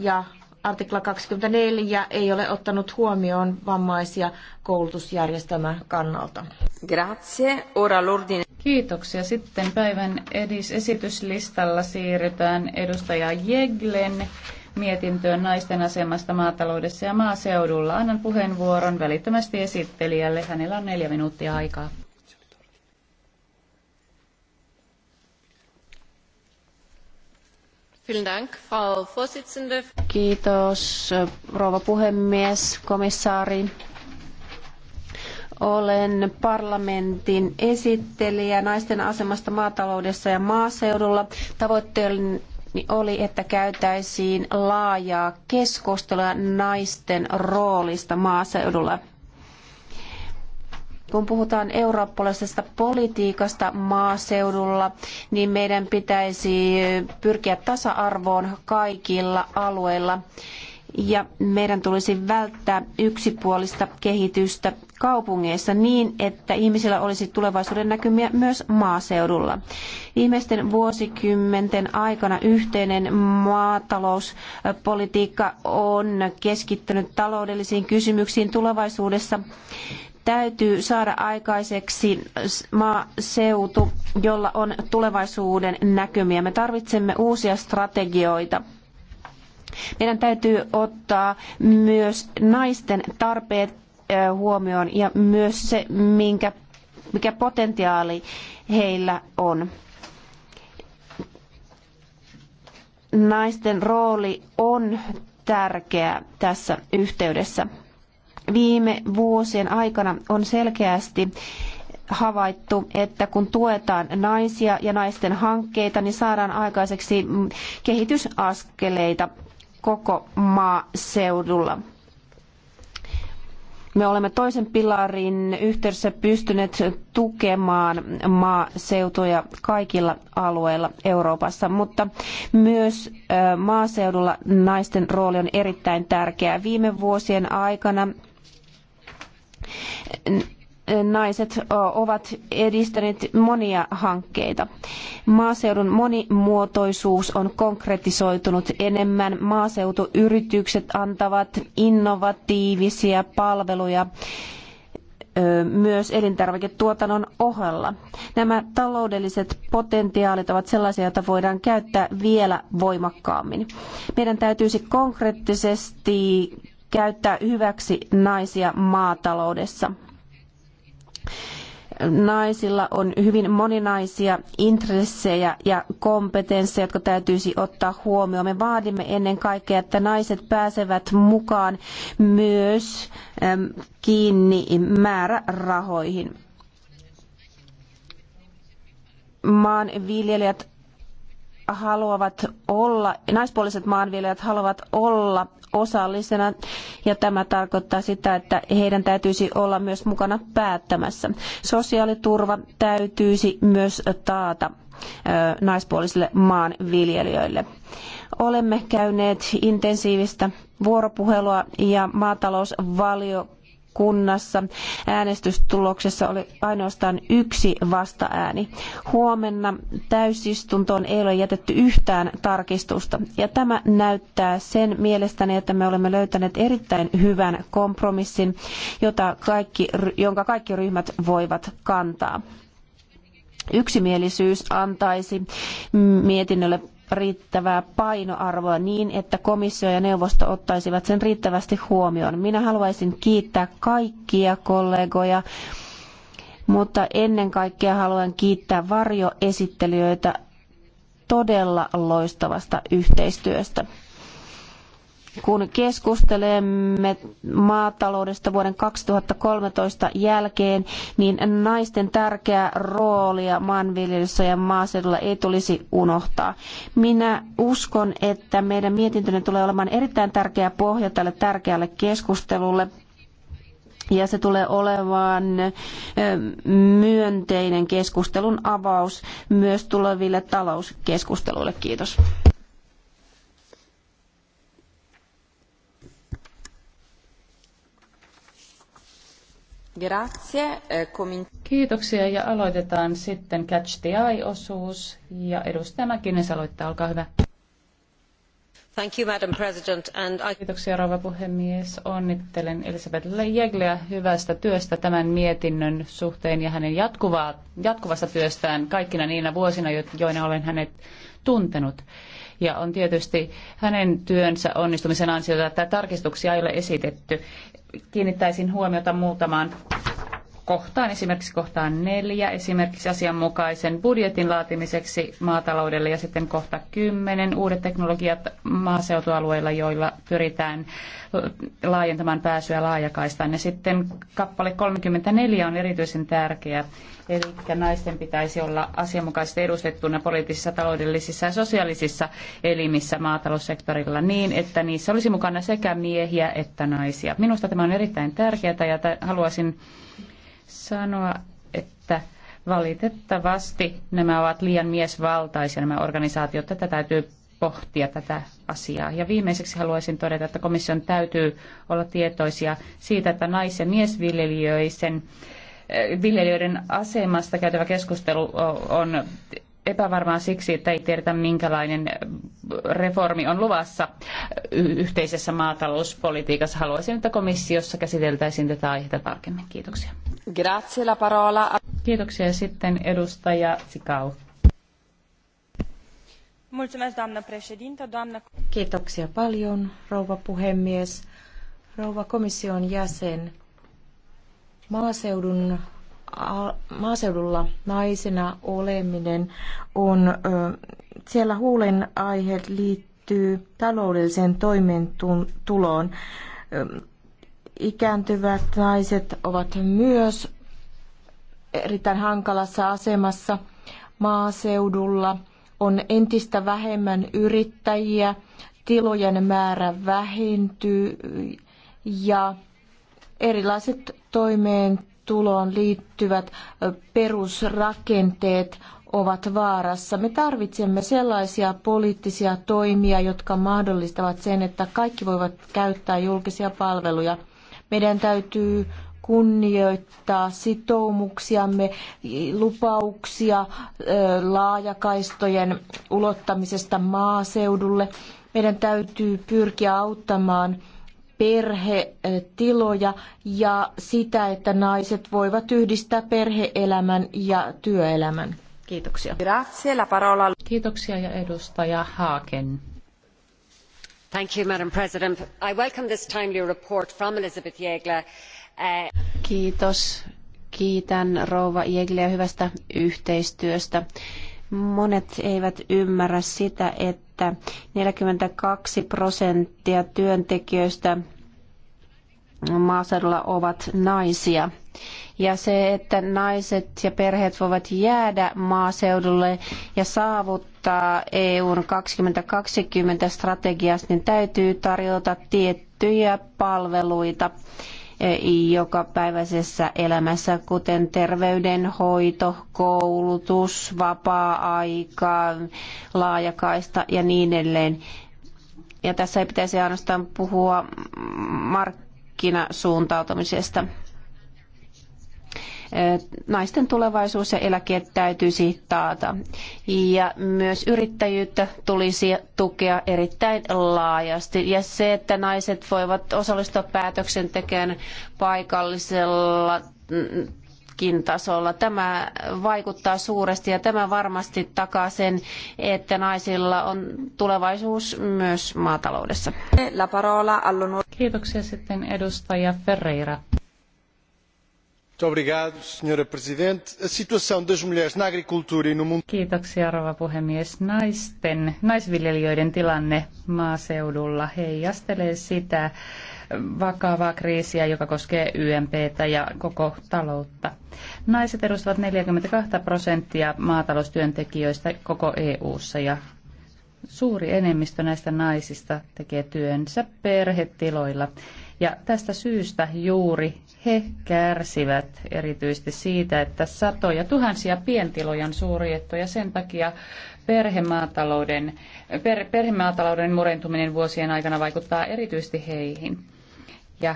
ja artikla 24 ei ole ottanut huomioon vammaisia koulutusjärjestelmän kannalta. Grazie. Ora l'ordine. Kiitoksia. Sitten päivän edis esityslistalla siirrytään edustaja Jeglen mietintöön naisten asemasta maataloudessa ja maaseudulla. Annan puheenvuoron välittömästi esittelijälle. Hänellä on neljä minuuttia aikaa. Kiitos, rouva puhemies, komissaari. Olen parlamentin esittelijä naisten asemasta maataloudessa ja maaseudulla. Tavoitteeni oli, että käytäisiin laajaa keskustelua naisten roolista maaseudulla kun puhutaan eurooppalaisesta politiikasta maaseudulla, niin meidän pitäisi pyrkiä tasa-arvoon kaikilla alueilla ja meidän tulisi välttää yksipuolista kehitystä kaupungeissa niin, että ihmisillä olisi tulevaisuuden näkymiä myös maaseudulla. Viimeisten vuosikymmenten aikana yhteinen maatalouspolitiikka on keskittynyt taloudellisiin kysymyksiin tulevaisuudessa. Täytyy saada aikaiseksi maaseutu, jolla on tulevaisuuden näkymiä. Me tarvitsemme uusia strategioita. Meidän täytyy ottaa myös naisten tarpeet huomioon ja myös se, minkä, mikä potentiaali heillä on. Naisten rooli on tärkeä tässä yhteydessä. Viime vuosien aikana on selkeästi havaittu, että kun tuetaan naisia ja naisten hankkeita, niin saadaan aikaiseksi kehitysaskeleita koko maaseudulla. Me olemme toisen pilarin yhteydessä pystyneet tukemaan maaseutuja kaikilla alueilla Euroopassa, mutta myös maaseudulla naisten rooli on erittäin tärkeä. Viime vuosien aikana naiset ovat edistäneet monia hankkeita. Maaseudun monimuotoisuus on konkretisoitunut enemmän. Maaseutuyritykset antavat innovatiivisia palveluja myös elintarviketuotannon ohella. Nämä taloudelliset potentiaalit ovat sellaisia, joita voidaan käyttää vielä voimakkaammin. Meidän täytyisi konkreettisesti käyttää hyväksi naisia maataloudessa. Naisilla on hyvin moninaisia intressejä ja kompetensseja, jotka täytyisi ottaa huomioon. Me vaadimme ennen kaikkea, että naiset pääsevät mukaan myös kiinni määrärahoihin maanviljelijät haluavat olla, naispuoliset maanviljelijät haluavat olla osallisena ja tämä tarkoittaa sitä, että heidän täytyisi olla myös mukana päättämässä. Sosiaaliturva täytyisi myös taata naispuolisille maanviljelijöille. Olemme käyneet intensiivistä vuoropuhelua ja maatalousvaliokunta kunnassa äänestystuloksessa oli ainoastaan yksi vastaääni. Huomenna täysistuntoon ei ole jätetty yhtään tarkistusta. Ja tämä näyttää sen mielestäni, että me olemme löytäneet erittäin hyvän kompromissin, jota kaikki, jonka kaikki ryhmät voivat kantaa. Yksimielisyys antaisi mietinnölle riittävää painoarvoa niin, että komissio ja neuvosto ottaisivat sen riittävästi huomioon. Minä haluaisin kiittää kaikkia kollegoja, mutta ennen kaikkea haluan kiittää varjoesittelijöitä todella loistavasta yhteistyöstä kun keskustelemme maataloudesta vuoden 2013 jälkeen, niin naisten tärkeää roolia maanviljelyssä ja maaseudulla ei tulisi unohtaa. Minä uskon, että meidän mietintömme tulee olemaan erittäin tärkeä pohja tälle tärkeälle keskustelulle ja se tulee olemaan myönteinen keskustelun avaus myös tuleville talouskeskusteluille. Kiitos. Grazie. Eh, Kiitoksia ja aloitetaan sitten Catch the Eye-osuus. Ja edustaja Mäkinen aloittaa, olkaa hyvä. Thank you, Madam President. And I... Kiitoksia rouva puhemies. Onnittelen Elisabeth Jegleä hyvästä työstä tämän mietinnön suhteen ja hänen jatkuvaa, jatkuvasta työstään kaikkina niinä vuosina, joina olen hänet tuntenut. Ja on tietysti hänen työnsä onnistumisen ansiota, että tarkistuksia ei ole esitetty. Kiinnittäisin huomiota muutamaan kohtaan, esimerkiksi kohtaan neljä, esimerkiksi asianmukaisen budjetin laatimiseksi maataloudelle ja sitten kohta kymmenen, uudet teknologiat maaseutualueilla, joilla pyritään laajentamaan pääsyä laajakaistaan. Ja sitten kappale 34 on erityisen tärkeä, eli naisten pitäisi olla asianmukaisesti edustettuna poliittisissa, taloudellisissa ja sosiaalisissa elimissä maataloussektorilla niin, että niissä olisi mukana sekä miehiä että naisia. Minusta tämä on erittäin tärkeää ja haluaisin sanoa, että valitettavasti nämä ovat liian miesvaltaisia nämä organisaatiot. Tätä täytyy pohtia tätä asiaa. Ja viimeiseksi haluaisin todeta, että komission täytyy olla tietoisia siitä, että nais- ja miesviljelijöiden eh, viljelijöiden asemasta käytävä keskustelu on epävarmaa siksi, että ei tiedetä minkälainen eh, reformi on luvassa eh, yhteisessä maatalouspolitiikassa. Haluaisin, että komissiossa käsiteltäisiin tätä aihetta tarkemmin. Kiitoksia. Grazie la parola. Kiitoksia sitten edustaja Tsikau. Mulțumesc, doamnă președintă, doamnă... Kiitoksia paljon, rouva puhemies. Rouva komission jäsen, maaseudun, maaseudulla naisena oleminen on, siellä huulen aiheet liittyy taloudelliseen toimeentuloon ikääntyvät naiset ovat myös erittäin hankalassa asemassa maaseudulla. On entistä vähemmän yrittäjiä, tilojen määrä vähentyy ja erilaiset toimeentuloon liittyvät perusrakenteet ovat vaarassa. Me tarvitsemme sellaisia poliittisia toimia, jotka mahdollistavat sen, että kaikki voivat käyttää julkisia palveluja. Meidän täytyy kunnioittaa sitoumuksiamme, lupauksia laajakaistojen ulottamisesta maaseudulle. Meidän täytyy pyrkiä auttamaan perhetiloja ja sitä, että naiset voivat yhdistää perheelämän ja työelämän. Kiitoksia. Kiitoksia ja edustaja Haaken madam president i welcome this timely report from elisabeth jeggle. Uh, kiitän rouva jeggleä hyvästä yhteistyöstä. Monet eivät ymmärrä sitä, että neljäkymmentäkaksi prosenttia työntekijöistä maaseudulla ovat naisia. Ja se, että naiset ja perheet voivat jäädä maaseudulle ja saavuttaa EUn 2020 strategiasta, niin täytyy tarjota tiettyjä palveluita e, jokapäiväisessä elämässä, kuten terveydenhoito, koulutus, vapaa-aika, laajakaista ja niin edelleen. Ja tässä ei pitäisi ainoastaan puhua markkinoista markkinasuuntautumisesta. Naisten tulevaisuus ja eläkeet täytyisi taata. Ja myös yrittäjyyttä tulisi tukea erittäin laajasti. Ja se, että naiset voivat osallistua päätöksentekijän paikallisella mm, Ruotsissakin tasolla. Tämä vaikuttaa suuresti ja tämä varmasti takaa sen, että naisilla on tulevaisuus myös maataloudessa. La parola Kiitoksia sitten edustaja Ferreira. E no Kiitoksia, rouva puhemies. Naisten, naisviljelijöiden tilanne maaseudulla heijastelee sitä vakavaa kriisiä, joka koskee YMPtä ja koko taloutta. Naiset edustavat 42 prosenttia maataloustyöntekijöistä koko EU:ssa ja suuri enemmistö näistä naisista tekee työnsä perhetiloilla. Ja tästä syystä juuri he kärsivät erityisesti siitä, että satoja tuhansia pientiloja on suurjettu ja sen takia perhemaatalouden, per, perhemaatalouden murentuminen vuosien aikana vaikuttaa erityisesti heihin. Ja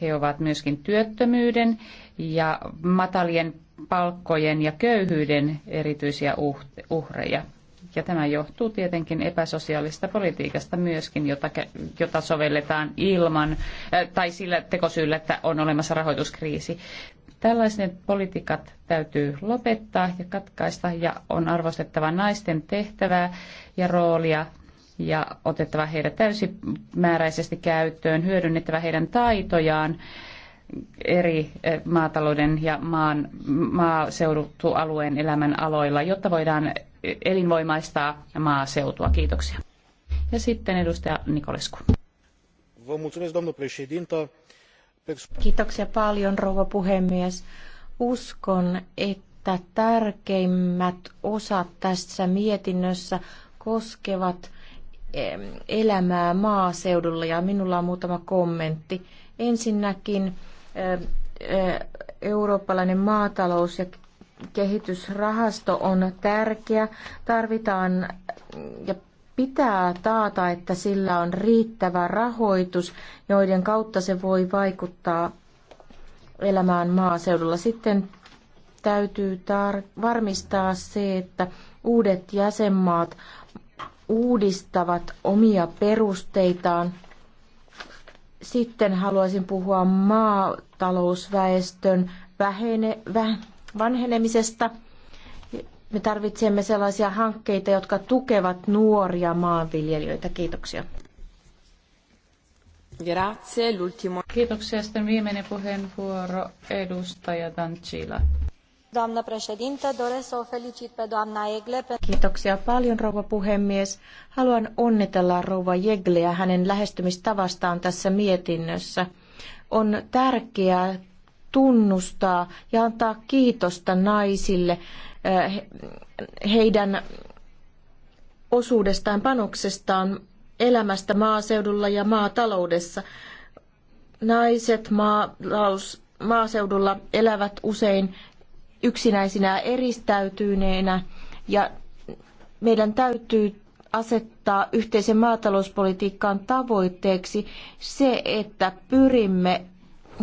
he ovat myöskin työttömyyden ja matalien palkkojen ja köyhyyden erityisiä uhreja. Ja tämä johtuu tietenkin epäsosiaalista politiikasta myöskin, jota, jota sovelletaan ilman äh, tai sillä tekosyllä, että on olemassa rahoituskriisi. Tällaiset politiikat täytyy lopettaa ja katkaista ja on arvostettava naisten tehtävää ja roolia ja otettava heidät täysimääräisesti käyttöön, hyödynnettävä heidän taitojaan eri äh, maatalouden ja maan, maaseudutualueen elämän aloilla, jotta voidaan elinvoimaistaa maaseutua. Kiitoksia. Ja sitten edustaja Nikolescu. Kiitoksia paljon, rouva puhemies. Uskon, että tärkeimmät osat tässä mietinnössä koskevat elämää maaseudulla ja minulla on muutama kommentti. Ensinnäkin e, eurooppalainen maatalous ja kehitysrahasto on tärkeä. Tarvitaan ja pitää taata, että sillä on riittävä rahoitus, joiden kautta se voi vaikuttaa elämään maaseudulla. Sitten täytyy tar- varmistaa se, että uudet jäsenmaat uudistavat omia perusteitaan. Sitten haluaisin puhua maatalousväestön vähene, vä, vanhenemisesta. Me tarvitsemme sellaisia hankkeita, jotka tukevat nuoria maanviljelijöitä. Kiitoksia. Grazie, l'ultimo. Kiitoksia. Sitten viimeinen puheenvuoro edustaja Dancila. Kiitoksia paljon, rouva puhemies. Haluan onnitella rouva Jegleä hänen lähestymistavastaan tässä mietinnössä. On tärkeää tunnustaa ja antaa kiitosta naisille eh, heidän osuudestaan, panoksestaan elämästä maaseudulla ja maataloudessa. Naiset maalaus, maaseudulla elävät usein yksinäisinä ja eristäytyneinä ja meidän täytyy asettaa yhteisen maatalouspolitiikan tavoitteeksi se, että pyrimme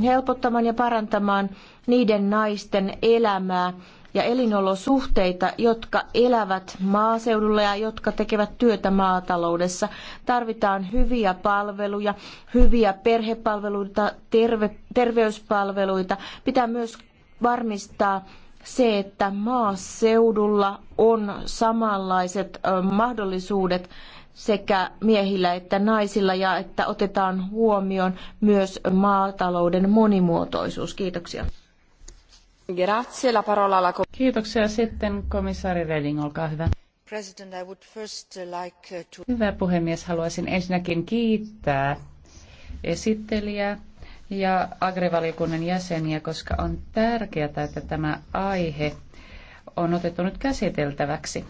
helpottamaan ja parantamaan niiden naisten elämää ja elinolosuhteita, jotka elävät maaseudulla ja jotka tekevät työtä maataloudessa. Tarvitaan hyviä palveluja, hyviä perhepalveluita, terve, terveyspalveluita. Pitää myös varmistaa se, että maaseudulla on samanlaiset mahdollisuudet sekä miehillä että naisilla ja että otetaan huomioon myös maatalouden monimuotoisuus. Kiitoksia. Grazie, la parola alla... Kiitoksia. Sitten komissaari Reding, olkaa hyvä. President, I would first like uh, to... Hyvä puhemies, haluaisin ensinnäkin kiittää esittelijää ja agrivaliokunnan jäseniä, koska on tärkeää, että tämä aihe on otettu nyt käsiteltäväksi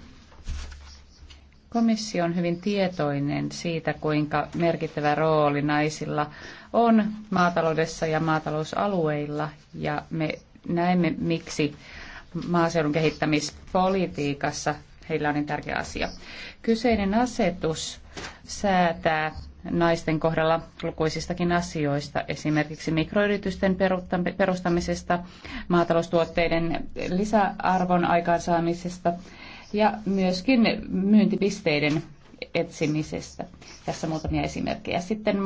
Komissio on hyvin tietoinen siitä, kuinka merkittävä rooli naisilla on maataloudessa ja maatalousalueilla. Ja me näemme, miksi maaseudun kehittämispolitiikassa heillä on niin tärkeä asia. Kyseinen asetus säätää naisten kohdalla lukuisistakin asioista, esimerkiksi mikroyritysten perustamisesta, maataloustuotteiden lisäarvon aikaansaamisesta ja myöskin myyntipisteiden etsimisestä. Tässä muutamia esimerkkejä. Sitten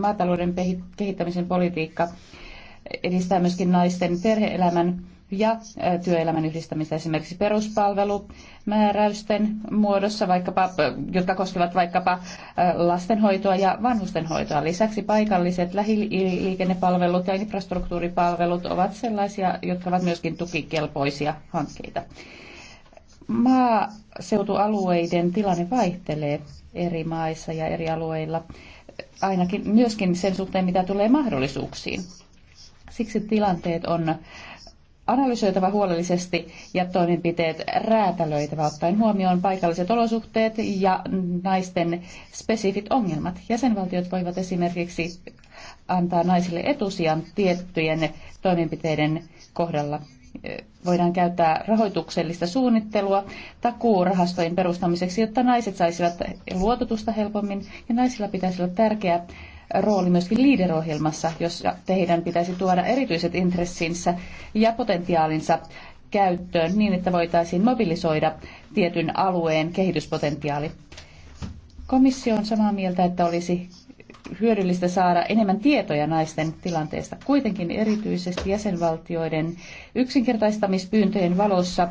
maatalouden kehittämisen politiikka edistää myöskin naisten perheelämän ja työelämän yhdistämistä esimerkiksi peruspalvelumääräysten muodossa, vaikkapa, jotka koskevat vaikkapa lastenhoitoa ja vanhustenhoitoa. Lisäksi paikalliset lähiliikennepalvelut ja infrastruktuuripalvelut ovat sellaisia, jotka ovat myöskin tukikelpoisia hankkeita maaseutualueiden tilanne vaihtelee eri maissa ja eri alueilla, ainakin myöskin sen suhteen, mitä tulee mahdollisuuksiin. Siksi tilanteet on analysoitava huolellisesti ja toimenpiteet räätälöitävä ottaen huomioon paikalliset olosuhteet ja naisten spesifit ongelmat. Jäsenvaltiot voivat esimerkiksi antaa naisille etusijan tiettyjen toimenpiteiden kohdalla voidaan käyttää rahoituksellista suunnittelua takuurahastojen perustamiseksi, jotta naiset saisivat luototusta helpommin ja naisilla pitäisi olla tärkeä rooli myöskin liiderohjelmassa, jos jossa teidän pitäisi tuoda erityiset intressinsä ja potentiaalinsa käyttöön niin, että voitaisiin mobilisoida tietyn alueen kehityspotentiaali. Komissio on samaa mieltä, että olisi hyödyllistä saada enemmän tietoja naisten tilanteesta. Kuitenkin erityisesti jäsenvaltioiden yksinkertaistamispyyntöjen valossa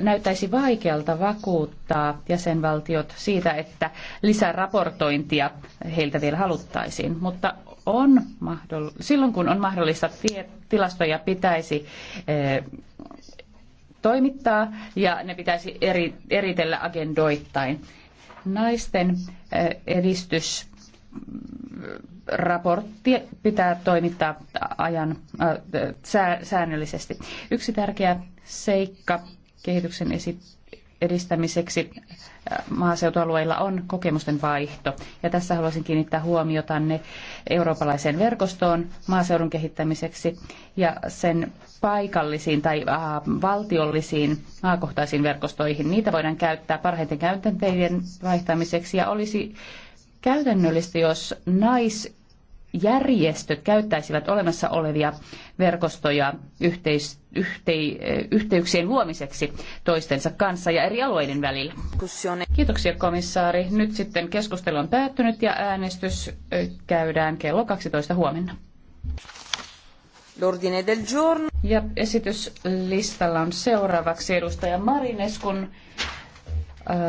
näyttäisi vaikealta vakuuttaa jäsenvaltiot siitä, että lisäraportointia heiltä vielä haluttaisiin. Mutta on mahdoll- silloin kun on mahdollista, tilastoja pitäisi eh, toimittaa ja ne pitäisi eri, eritellä agendoittain. Naisten eh, edistys raportti pitää toimittaa ajan äh, säännöllisesti. Yksi tärkeä seikka kehityksen edistämiseksi äh, maaseutualueilla on kokemusten vaihto. Ja tässä haluaisin kiinnittää huomiota ne eurooppalaiseen verkostoon maaseudun kehittämiseksi ja sen paikallisiin tai äh, valtiollisiin maakohtaisiin verkostoihin. Niitä voidaan käyttää parhaiten käytänteiden vaihtamiseksi ja olisi käytännöllistä, jos naisjärjestöt käyttäisivät olemassa olevia verkostoja yhteis, yhtei, yhteyksien luomiseksi toistensa kanssa ja eri alueiden välillä. Kiitoksia komissaari. Nyt sitten keskustelu on päättynyt ja äänestys käydään kello 12 huomenna. L'ordine del giorno. Ja esityslistalla on seuraavaksi edustaja Marineskun. Äh,